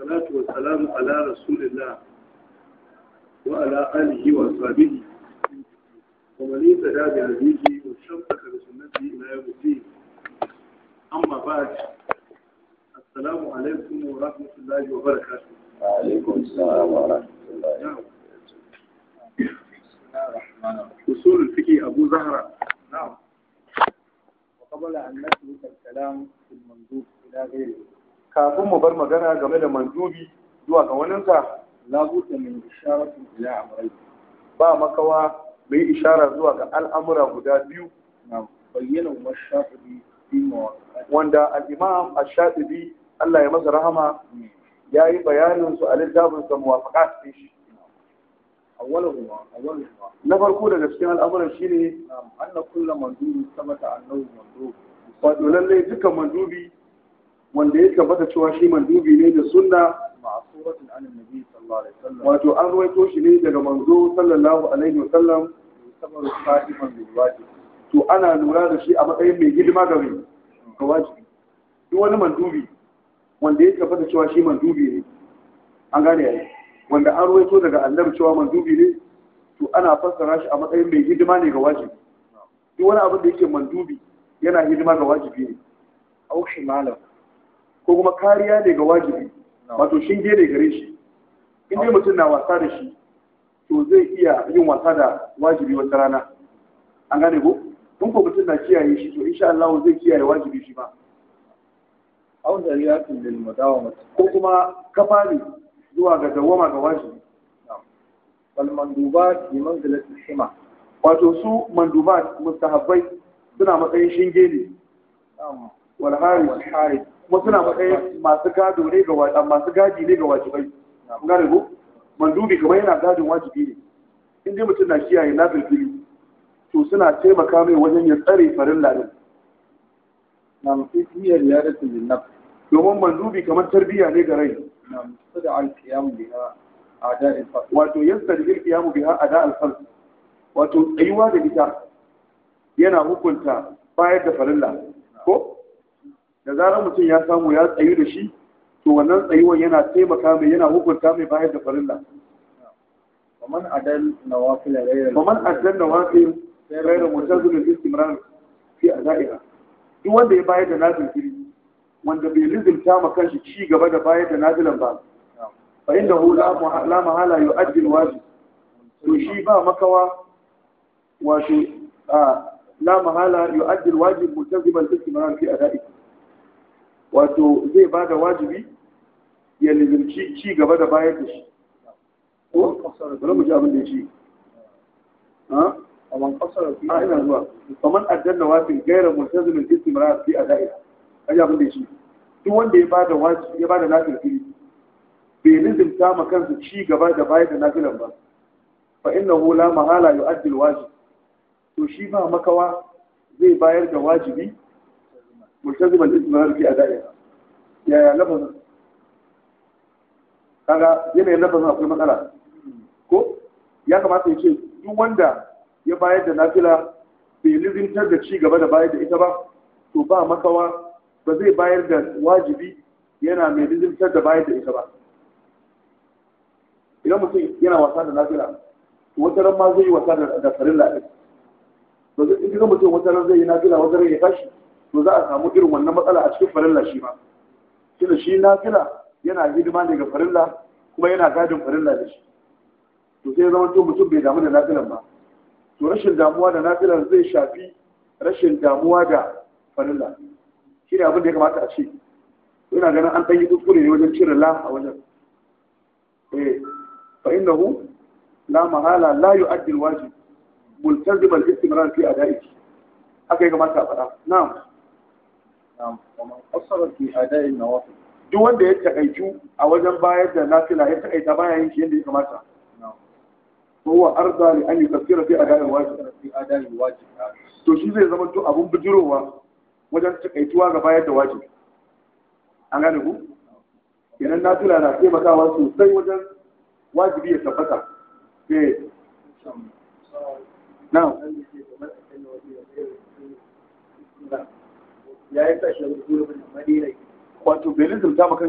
والصلاة والسلام على رسول الله وعلى آله وأصحابه ومن اهتدى بهديه واستمسك بسنته إلى يوم الدين أما بعد السلام عليكم ورحمة الله وبركاته وعليكم السلام ورحمة الله نعم. وبركاته أصول الفقه أبو زهرة نعم وقبل أن نسلك الكلام في المنظور إلى غيره kafin mu bar magana game da mandubi zuwa ga waninsa labuta min isharatu ila amrai ba makawa mai ishara zuwa ga al'amura guda biyu na bayyana wa shafi wanda al-imam ash-shafi'i Allah ya masa rahama hmm. ya yi bayanin su a littafin sa muwafaqat din shi awwaluhuma awwaluhuma na farko daga cikin al'amuran shine anna kullu mandubi sabata annahu mandub wato lalle duka mandubi wanda ya tabbata cewa shi mandubi ne da sunna ma'suratin annabi sallallahu alaihi wasallam wato an ruwaito shi ne daga manzo sallallahu alaihi wasallam sabar fatiman bil to ana lura da shi a matsayin mai hidima ga ga wajibi duk wani mandubi wanda ya tabbata cewa shi mandubi ne an gane yayi wanda an ruwaito daga annabi cewa mandubi ne to ana fassara shi a matsayin mai hidima ne ga wajibi duk wani abin da yake mandubi yana hidima ga wajibi ne au malam. ko kuma kariya ne ga wajibi wato shinge ne gare shi in dai mutum na wasa da shi to zai iya yin wasa da wajibi wata rana an gane ko in ko mutum na kiyaye shi to insha Allah zai kiyaye wajibi shi ba aw zariyatun lil mudawamah ko kuma kafa ne zuwa ga dawama ga wajibi wal Manduba bi manzilati hima wato su mandubat mustahabbai suna matsayin shinge ne wal haris haris wasu na matsayin masu gado ne ga wajibai masu gadi ne ga wajibai Na gane ko mandubi kamar yana gadin wajibi ne in dai mutum na kiyaye na filfili to suna taimaka mai wajen ya tsare farin lalin na mutum ya riyada su min nafs domin mandubi kamar tarbiyya ne ga rai na mutum da alkiyamu a ada alfas wato yasta da alkiyamu a da alfas wato tsayuwa da ita yana hukunta bayar da farin ladin ko da zarar mutum ya samu ya tsayu da shi to wannan tsayuwan yana taimaka mai yana hukunta mai bayar da farilla kamar adal nawafil ghayr faman adal nawafil ghayr mutazil istimrar fi adaiha duk wanda ya bayar da nazil wanda bai ta ma kanshi ci gaba da bayar da nazilan ba fa innahu la mahala yu'addi alwajib to shi ba makawa wato la mahala yu'addi alwajib mutaziman istimrar fi adaiha wato zai ba da wajibi ya lizimci ci gaba da bayar da shi ko bari mu ji abin da ya ha kaman kasar a ina zuwa kaman addanna wafin gairar multazimin istimrar fi adaiha kaji abin da ya duk wanda ya bada wajibi ya bada nafil fili bai lizimta ma kansa ci gaba da bayar da nafilan ba fa innahu la mahala yu'addi al-wajib to shi ba makawa zai bayar da wajibi ملتزم الاستمرار في أدائها يا يا لفظ kaga yanayin lafazin akwai matsala ko ya kamata ya ce duk wanda ya bayar da nafila bai lizintar da ci gaba da bayar da ita ba to ba makawa ba zai bayar da wajibi yana mai lizintar da bayar da ita ba idan mutum yana wasa da nafila to wata ran ma zai yi wasa da farin ɗin ba zai ga mutum wata ran zai yi nafila wata ran ya tashi to za a samu irin wannan matsala a cikin farilla shi ma kina shi na kila yana hidima ne ga farilla kuma yana gadin farilla da shi to sai zama to mutum bai damu da nafilan ba to rashin damuwa da nafilan zai shafi rashin damuwa da farilla shi ne abin da ya kamata a ce ina ganin an ɗanyi kuskure ne wajen cire la a wajen eh fa innahu la mahala la yu'addi al-wajib multazim al-istimrar fi ada'ihi haka ya kamata a faɗa na'am duk wanda ya takaitu a wajen bayar da nafila ya taƙaita, baya yin shi yadda ya kamata huwa arda li an yukaffira fi adai wajib fi adai wajib to shi zai zama to abun bijirowa wajen takaituwa ga bayar da wajib an gane ku kenan nafila na taimakawa sosai wajen wajibi ya tabbata sai eh. na'am ya yi wani wani da wani wani wani wani maka